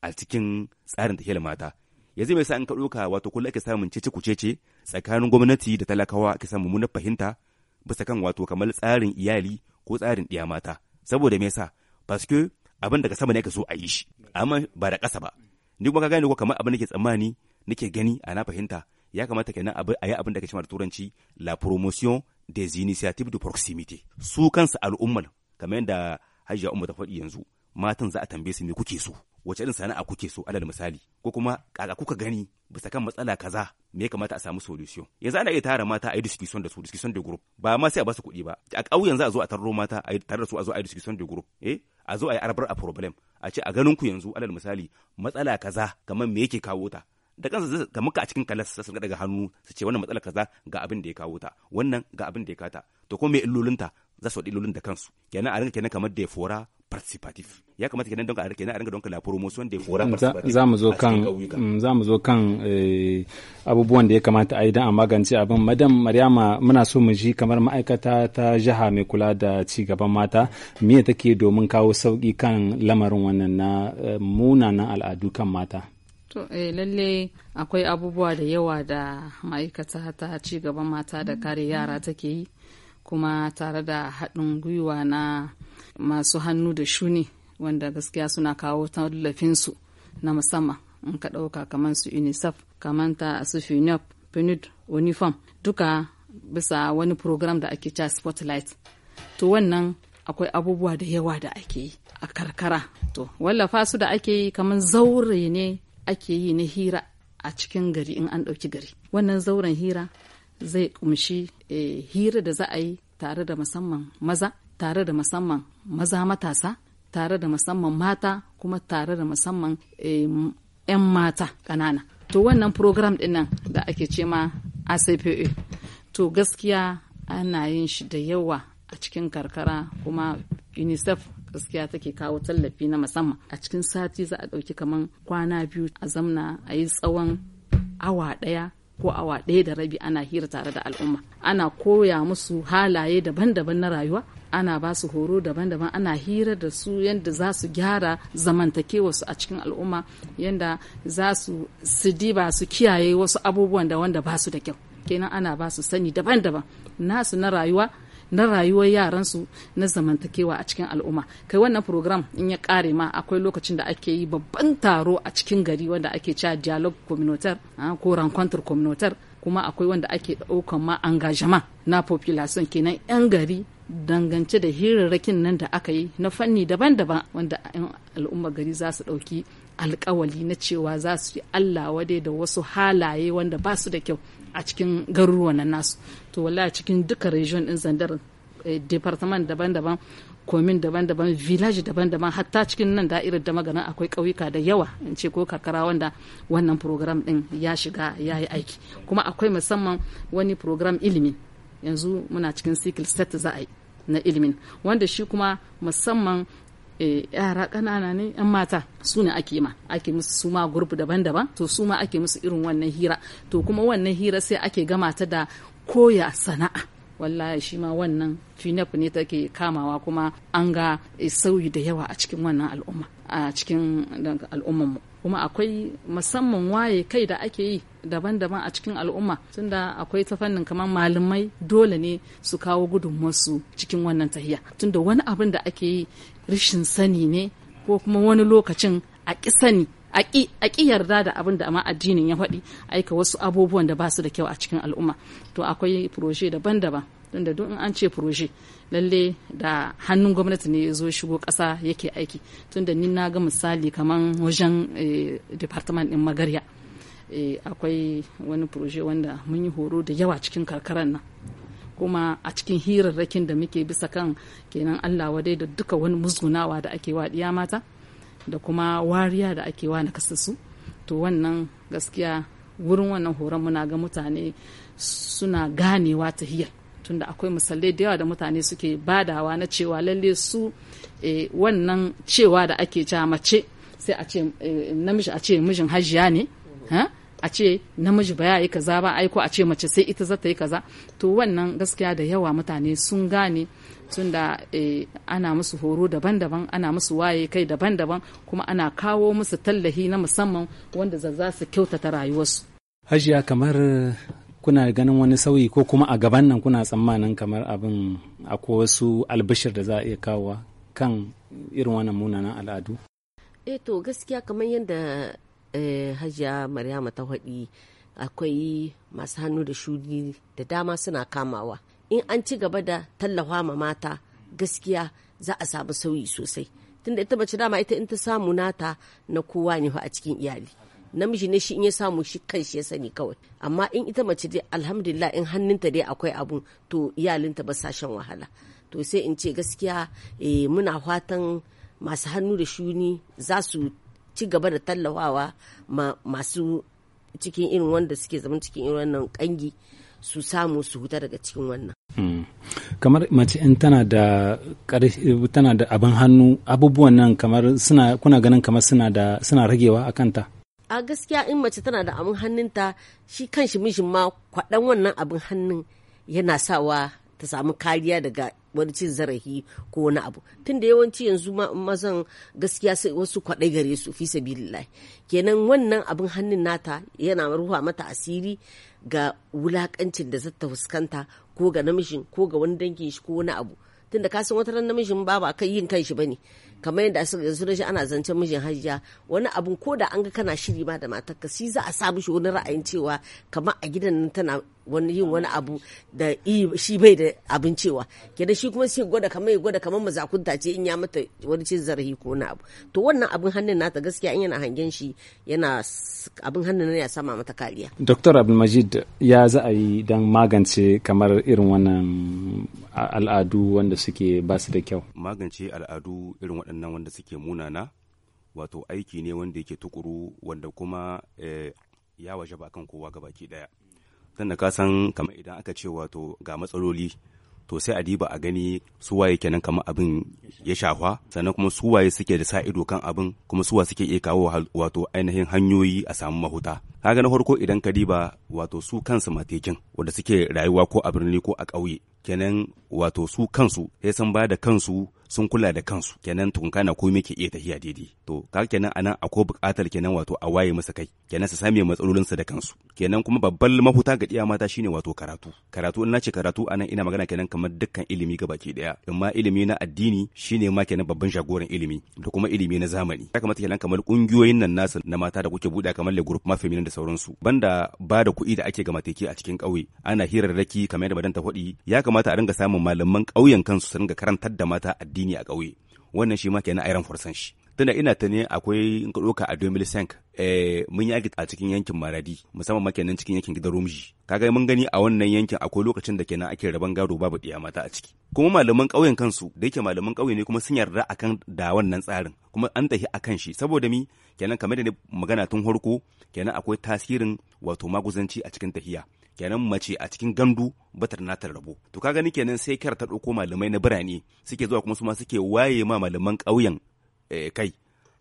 a cikin tsarin tahiyar mata yanzu mai sa an ka ɗauka wato kullum ake samun cece kucece tsakanin gwamnati da talakawa ake samun fahimta bisa kan wato kamar tsarin iyali ko tsarin ɗiya mata saboda me yasa paske abin daga sama ne ka so a yi shi amma ba da ƙasa ba ni kuma ka gane ko kamar abin da ke tsammani nake gani ana fahimta ya kamata ka kenan a yi abin da ke cewa turanci la promotion des initiatives de proximité su kansu al'ummar kamar yadda hajiya umma ta faɗi yanzu matan za a tambaye su me kuke so wace irin sana'a kuke so alal misali ko kuma kaga kuka gani bisa kan matsala kaza me ya kamata a samu solution yanzu ana iya tara mata a yi discussion da su discussion da group ba ma sai a basu kuɗi ba a ƙauyen za a zo a tarro mata a tare da su a zo a yi discussion da group eh a zo a yi arbar a problem a ce a ganin ku yanzu alal misali matsala kaza kamar me yake kawo ta da kansa da muka a cikin kalas su daga hannu su ce wannan matsala kaza ga abin da ya kawo ta wannan ga abin da ya kata to ko me illolin ta za su illolin da kansu kenan a rinka kenan kamar da ya fora participatif ya kamata kenan don ka na a ringa don la promotion de forum mm, za mu zo kan
za mu zo kan abubuwan da ya kamata a yi don a magance abin madam maryama muna so mu ji kamar ma'aikata ta jiha mai kula da ci gaban mata me take domin kawo sauki kan lamarin wannan na eh, munanan al'adu kan mata
To, eh, lalle akwai abubuwa da yawa da ma'aikata ta ci gaban mata da kare yara take yi, kuma tare da haɗin gwiwa na masu hannu da shuni wanda gaskiya suna kawo tallafinsu na musamman in ka ɗauka kamar su unicef kamar ta su PNUD, uniform duka bisa wani program da ake cha spotlight to wannan akwai abubuwa da yawa da ake yi a karkara to wallafa su da ake yi kamar zaure ne ake yi na hira a cikin gari in an ɗauki gari wannan zauren hira zai kumshi eh, hira da za a yi tare da musamman maza tare da musamman maza matasa tare da musamman mata kuma tare da musamman 'yan eh, mata ƙanana to wannan program ɗinnan da ake ce ma acpa to gaskiya ana yin shi da yawa a cikin karkara kuma unicef gaskiya take kawo tallafi na musamman a cikin sati za a ɗauki kaman kwana biyu a zamna a yi tsawon awa ɗaya ko awa ɗaya da rabi ana hira tare da al'umma ana koya musu halaye daban-daban na rayuwa ana ba su horo daban-daban ana hira da su yadda za su gyara zamantakewarsu a cikin al'umma yadda za su diba su kiyaye wasu abubuwan da wanda ba su da kyau kenan ana ba su sani daban-daban nasu na rayuwa na rayuwar yaransu na zamantakewa a cikin al'umma kai wannan program in ya kare ma akwai lokacin da ake yi babban taro a cikin gari wanda ake cewa dialogue communautaire ah, ko rencontre communautaire kuma akwai wanda ake ɗaukan ma engagement na population kenan 'yan gari dangance da hirarrakin nan da aka yi na fanni daban-daban wanda 'yan al'ummar gari za su ɗauki alkawali na cewa za su yi Allah wadai da wasu halaye wanda ba su da kyau a cikin garuruwan nan nasu to wallahi cikin duka region din zandar eh, department daban-daban komin daban-daban village daban-daban hatta cikin nan da'irar da magana akwai ƙauyuka da yawa in ce ko karkara wanda wannan program din ya shiga ya yi aiki kuma akwai musamman wani program ilimi yanzu muna cikin sikil set za a yi na ilimin wanda shi kuma musamman Eh, yara ƙanana ne yan mata su ne ake ma ake musu su ma gurbu daban-daban to su ma ake musu irin wannan hira to kuma wannan hira sai ake gama ta da koya sana'a wallahi shi ma wannan finaf ne take kamawa kuma an ga eh, sauyi da yawa a cikin wannan al'umma a cikin al'umman mu. kuma akwai musamman waye kai da ake yi daban-daban a cikin al'umma tunda akwai ta fannin kamar malamai dole ne su kawo gudunmuwarsu cikin wannan tahiya tunda wani abin da ake yi rashin sani ne ko kuma wani lokacin a ƙi sani a ƙi yarda da abin da ma addinin ya faɗi aika wasu abubuwan da ba su da kyau a cikin al'umma to akwai proje daban-daban tunda duk in an ce proje lalle da hannun gwamnati ne ya zo shigo ƙasa yake aiki tunda ni na ga misali kaman wajen eh, department ɗin magarya eh, akwai wani proje wanda mun yi horo da yawa cikin karkarar nan kuma a cikin hirarrakin da muke bisa kan kenan Allah wadai da duka wani musgunawa da ake wa ɗiya mata da kuma wariya da ake wa na kasasu to wannan gaskiya wurin wannan horon muna ga mutane suna ganewa ta hiyar tunda akwai misalai da yawa da mutane suke badawa na cewa lalle su e, wannan cewa da ake ca mace sai a ce e, namiji a ce mijin hajiya ne ha? a ce namiji ba ya yi kaza ba aiko a ce mace sai ita za ta yi kaza to wannan gaskiya da yawa mutane sun gane tun da eh, ana musu horo daban-daban ana musu waye kai daban-daban kuma ana kawo musu tallahi na musamman wanda za su kyautata
rayuwarsu hajiya kamar kuna ganin wani sauyi ko kuma a gaban nan kuna tsammanin kamar abin akwai wasu albishir da za a iya kawo kan irin wannan munanan al'adu?
eh to gaskiya kamar yadda Eh, hajiya maryama ta haɗi akwai masu hannu da shuni da dama suna kamawa in an ci gaba da tallafa ma mata gaskiya za a samu sauyi sosai tunda ita mace dama ita in ta samu nata na kowa ne a cikin iyali namiji ne shi in ya samu shi kan shi ya sani kawai amma in ita mace dai alhamdulillah in hannunta dai akwai abun to iyalinta ba sa shan wahala to sai in ce gaskiya eh, muna fatan masu hannu da shuni za su ci gaba da tallafawa masu cikin irin wanda suke zama cikin irin wannan kangi su samu su huta daga cikin wannan.
Hmm. kamar mace in tana da tana da abin hannu abubuwan nan kamar suna kuna ganin kamar suna da suna ragewa a kanta
a gaskiya in mace tana da abin hannunta shi kanshi mijin ma kwaɗan wannan abin hannun yana sawa ta samu kariya daga wani cin zarafi ko wani abu tunda yawanci yanzu mazan gaskiya sai wasu kwaɗai gare su fi sabilillahi kenan wannan abin hannun nata yana ruwa mata asiri ga wulakancin da zata fuskanta ko ga namishin ko ga wani dangin shi ko wani abu tunda ka san wata ran namijin ba ba kai yin kanshi bane kamar yadda yanzu da shi ana zancen mijin hajiya wani abun ko da an ga kana shiri ma da matarka si za a sa mishi wani ra'ayin cewa kamar a gidan nan tana wani yin wani abu da shi bai da abin cewa kenan shi kuma sai gwada kamar ya gwada kamar mazakunta ce in ya mata wani cin zarafi ko wani abu to wannan abin hannun nata gaskiya in yana hangen shi yana abin hannun ya sama
mata kariya
dr abdulmajid ya za a yi don magance kamar irin wannan al'adu wanda suke ba su da kyau
magance al'adu irin waɗannan waɗannan wanda suke munana wato aiki ne wanda yake tukuru wanda kuma eh, ya waje ba kan kowa gabaki ɗaya don da ka san kamar idan aka ce wato ga matsaloli to sai a diba a gani suwaye kenan kamar abin ya shafa sannan kuma suwaye suke da sa ido kan abin kuma suwa suke iya kawo wato ainihin hanyoyi a samu mahuta kaga na farko idan ka diba wato su kansu matekin wanda suke rayuwa ko a birni ko a ƙauye kenan wato su kansu sai san ba da kansu sun kula da kansu kenan na komai ke iya tafiya daidai to ka kenan anan akwai buƙatar kenan wato a waye masa kai kenan su same matsalolin sa da kansu kenan kuma babban mafuta ga iya mata shine wato karatu karatu in nace karatu anan ina magana kenan kamar dukkan ilimi gabaki daya in ma ilimi na addini shine ma kenan babban jagoran ilimi da kuma ilimi na zamani ya kamata kenan kamar kungiyoyin nan nasu na mata da kuke buɗe kamar le group ma feminine da sauransu banda ba da kuɗi da ake ga mateki a cikin ƙauye ana hirarraki kamar yadda badanta faɗi ya kamata a ringa samun malaman ƙauyen kansu su ringa karantar da mata addini addini a ƙauye wannan shi ma kenan a yaran forsan shi tunda ina ta ne akwai in ka ɗauka a 2005 eh, mun yi a cikin yankin maradi musamman ma kenan cikin yankin gidan rumji kaga mun gani a wannan yankin akwai lokacin da kenan ake raban gado babu ɗiya mata a ciki kuma malaman ƙauyen kansu da yake malaman ƙauye ne kuma sun yarda akan da wannan tsarin kuma an tafi akan shi saboda mi kenan kamar da ne magana tun harko kenan akwai tasirin wato maguzanci a cikin tahiya kenan mace a cikin gandu batar ta rabo to ka gani kenan sai kar ta dauko malamai na birane suke zuwa kuma su ma suke waye ma malaman ƙauyen eh, kai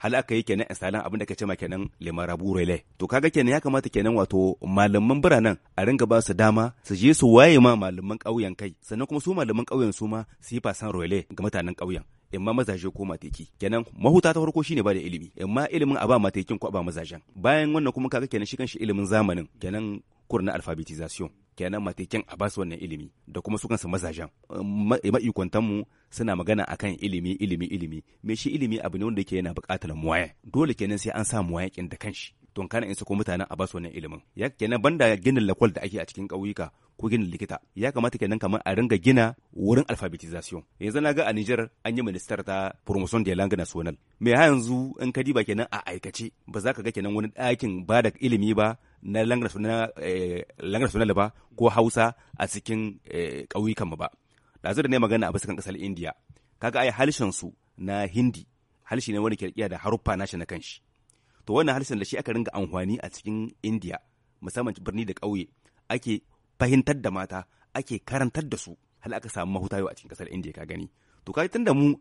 hal aka yi kenan isalan abin da ka ce ma kenan lemarabu rele to kaga kenan ya kamata kenan wato malaman biranen a ringa ba su dama su je su waye ma malaman ƙauyen kai sannan kuma su malaman ƙauyen su ma su yi fasan rele ga mutanen ƙauyen imma mazaje ko mateki kenan mahuta ta farko shine ba da ilimi imma ilimin a ba matekin ko a ba mazajen bayan wannan kuma kaga kenan shi kanshi ilimin zamanin kenan kur na alfabetization kenan matakin a basu wannan ilimi da kuma su kansu mazajen mu suna magana akan ilimi ilimi ilimi me shi ilimi abu ne wanda yake yana buƙatar muwaye dole kenan sai an sa muwaye kin da kanshi don kana in ko mutanen a basu wannan ilimin ya kenan banda ginin lakwal da ake a cikin ƙauyuka ko ginin likita ya kamata kenan kamar a ringa gina wurin alfabetization yanzu na ga a Niger an yi ministar ta promotion de langue nationale me ha yanzu in ka diba kenan a aikace ba za ka ga kenan wani ɗakin ba da ilimi ba na langar suna ba ko hausa a cikin eh, ƙauyukan mu ba da da ne magana a bisa ƙasar indiya kaga ai harshen su na hindi harshe ne wani kirkiya da haruffa nashi na kanshi to wannan harshen da shi aka ringa amfani a cikin indiya musamman birni da ƙauye ake fahimtar da mata ake karantar da su hal aka samu mahuta a cikin ƙasar indiya ka gani to kai tunda mu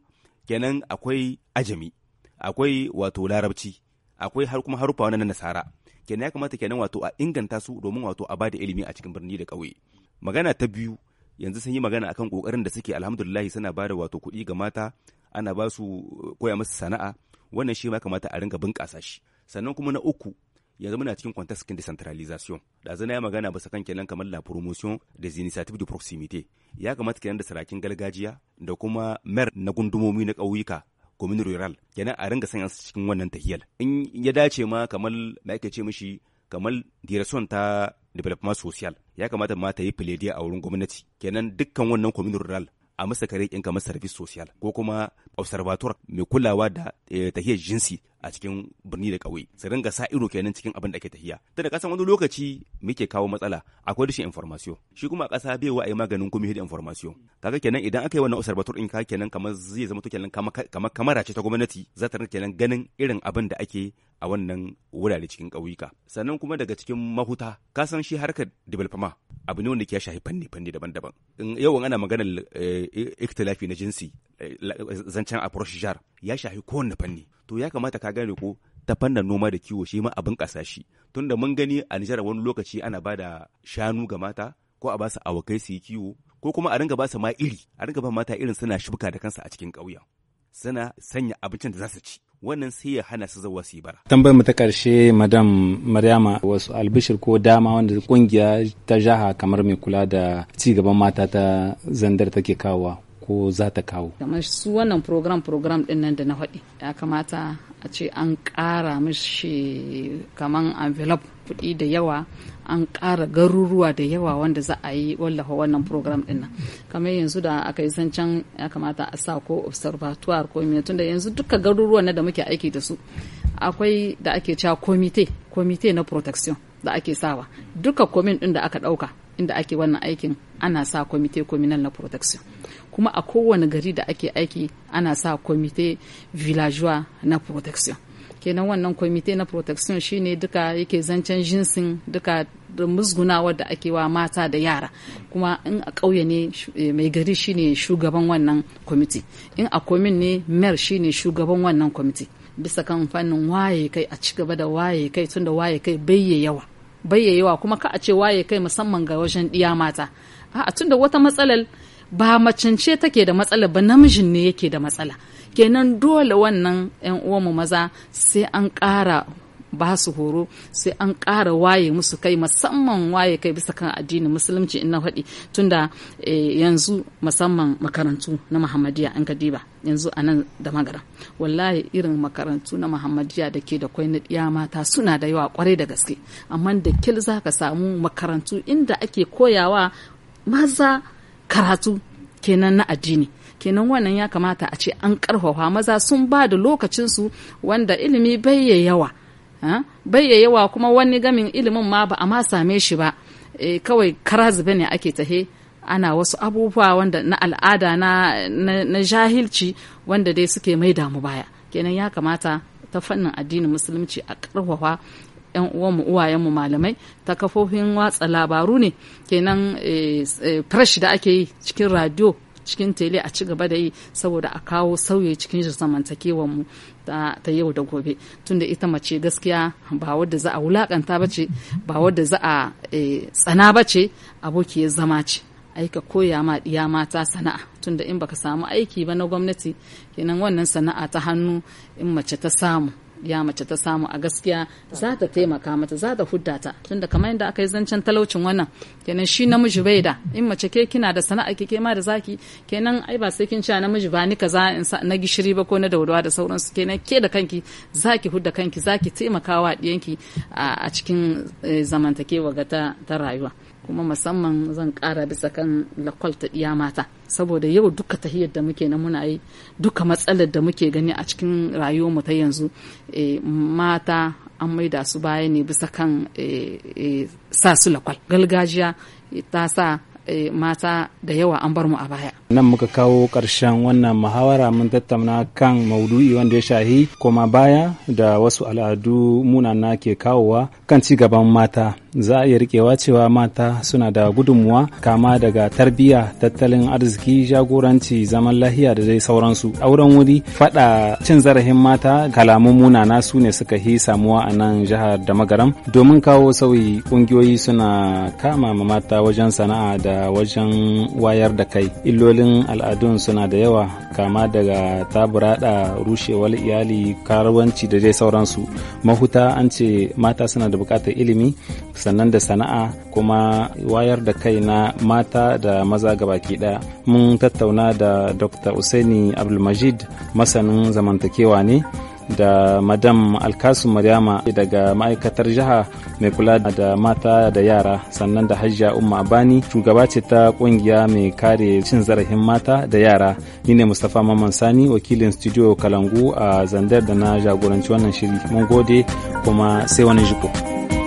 kenan akwai ajami akwai wato larabci akwai har kuma haruffa wannan nasara kenan ya kamata kenan wato a inganta su domin wato a bada ilimi a cikin birni da ƙauye magana ta biyu yanzu sun yi magana akan ƙoƙarin da suke alhamdulillah suna bada wato kuɗi ga mata ana ba su uh, koya musu sana'a wannan shi ma kamata a ringa bunƙasa shi sannan kuma na uku yanzu muna cikin context kin decentralization da zana ya magana ba kan kenan kamar la promotion des initiatives de proximité ya kamata kenan da sarakin gargajiya da kuma mer na gundumomi na ƙauyuka komin rural kenan a ringa sanya su cikin wannan tahiyar in ya dace ma kamar da ake ce mishi kamar direction ta development social ya kamata ma ta yi filediya a wurin gwamnati kenan dukkan wannan komin rural a masa kare kinka masa service social ko kuma observator mai kulawa da eh, tahiyar jinsi a cikin birni da ƙauye su ringa sa ido kenan cikin abin da ake tahiya tunda kasan wani lokaci muke kawo matsala akwai rashin information shi kuma ƙasa bai wa ai maganin kuma da information kaga kenan idan aka yi wannan observator in ka kenan kamar zai zama to kenan kamar kamara ce ta gwamnati za ta kenan ganin irin abin da ake a wannan wurare cikin ƙauyuka sannan kuma daga cikin mahuta ka san shi harkar development abu ne wanda ke shafi fanni fanni daban-daban yau ana maganar eh, iktilafi na jinsi zancen approach jar ya shahi kowanne fanni to ya kamata ka gane ko ta fannin noma da kiwo shi ma abin kasashi shi tunda mun gani a Nijar wani lokaci ana ba da shanu ga mata ko a ba su awakai su yi kiwo ko kuma a ringa ba su ma iri a ringa ba mata irin suna shuka da kansa a cikin ƙauye suna sanya abincin da za su ci wannan sai ya hana su zuwa su yi bara.
Tambayar mu ta ƙarshe madam Maryama wasu albishir ko dama wanda kungiya ta jaha kamar mai kula da cigaban mata ta zandar take kawowa ko za ta kawo
kamar su wannan program program din nan da na faɗi ya kamata a ce an ƙara mishi kamar envelope kuɗi da yawa an ƙara garuruwa da yawa wanda za a yi wallafa wannan program din nan kamar yanzu da aka yi zancen ya kamata a sa ko observatoire ko tun da yanzu duka garuruwan da muke aiki da su akwai da ake cewa komite komite na protection da ake sawa duka komin ɗin da aka ɗauka inda ake wannan aikin ana sa komite communal na protection kuma a kowane gari da ake aiki ana sa komite villageois na protection kenan wannan komite na protection shine duka yake zancen jinsin duka da musgunawa da ake wa mata da yara kuma in a ƙauye ne eh, mai gari shine shugaban wannan kwamiti in a komin ne mer shine shugaban wannan kwamiti bisa kan fannin waye kai a ci gaba da waye kai tunda waye kai bai yawa bayyayewa kuma ka a ce waye kai musamman ga wajen ɗiya mata a tunda wata matsalar ba macince take da matsala ba namijin ne yake da matsala kenan dole wannan 'yan uwanmu maza sai an ƙara ba su horo sai an ƙara waye musu kai musamman waye kai bisa kan addinin musulunci in na faɗi tunda eh, yanzu musamman makarantu na muhammadiya an ka diba yanzu a nan da magara wallahi irin makarantu na muhammadiya da ke da kwai na ɗiya mata suna da yawa kwarai da gaske amma da kil za ka samu makarantu inda ake koyawa maza karatu kenan na addini kenan wannan ya kamata a ce an ƙarfafa maza sun ba da lokacinsu wanda ilimi bai yawa bai ya yawa kuma wani gamin ilimin ma ba a ma same shi ba eh, kawai kara zube ne ake tahe ana wasu abubuwa wanda na al'ada na, na, na jahilci wanda dai suke mai damu baya kenan ya kamata ta fannin addinin musulunci a karfafa yan uwanmu uwayenmu malamai ta kafofin watsa labaru ne kenan eh, eh, fresh da ake yi cikin radio cikin tele a ci gaba da yi saboda a kawo sauye cikin zamantakewanmu ta, ta yau da gobe tunda ita mace gaskiya ba wadda za a wulakanta ba ce ba wadda za a eh, tsana ba ce ya zama ce aika koya ma ɗiya mata sana'a tunda in baka samu aiki ba na gwamnati kenan wannan sana'a ta hannu in mace ta samu ya mace ta samu a gaskiya za ta taimaka mata za ta hudda ta tunda kamar yadda aka yi zancen talaucin wannan kenan shi namiji bai da in mace ke kina da sana'a ke ma da zaki kenan ai ba sai kin ci namiji ba ni kaza na gishiri ba ko na daudawa da su kenan ke da kanki zaki hudda kanki zaki taimakawa diyanki a cikin eh, zamantakewa ga ta rayuwa kuma musamman zan kara bisa kan lakwal ta iya mata saboda yau duka tahiyar da muke na muna yi duka matsalar da muke gani a cikin rayuwarmu ta yanzu eh, mata an maida su baya ne bisa kan eh, eh, sa su lakwal gargajiya ta sa Eh, mata da yawa an bar mu a
baya. Nan muka kawo ƙarshen wannan muhawara mun tattauna kan maudu'i wanda ya shahi koma baya da wasu al'adu munana ke kawowa kan ci gaban mata. Za a iya rikewa cewa mata suna da gudunmuwa kama daga tarbiyya, tattalin arziki, jagoranci, zaman lahiya da zai sauransu. Auren wuri faɗa cin zarafin mata kalamun munana su ne suka hi samuwa a nan jihar da magaram domin kawo sauyi ƙungiyoyi suna kama mata wajen sana'a da da wajen wayar da kai illolin al'adun suna da yawa kama daga taburada rushewar iyali karuwanci da dai sauransu mahuta an ce mata suna da bukatar ilimi sannan da sana'a kuma wayar da kai na mata da maza gabaki daya mun tattauna da dr usaini abdulmajid masanin zamantakewa ne da madam alkasu maryama daga ma'aikatar jiha mai kula da mata da yara sannan da hajjia umma abani shugaba ce ta kungiya mai kare cin zarafin mata da yara ni ne mustapha maman sani wakilin studio kalangu a zandar da na jagoranci wannan shiri mun gode kuma sai wani jiko.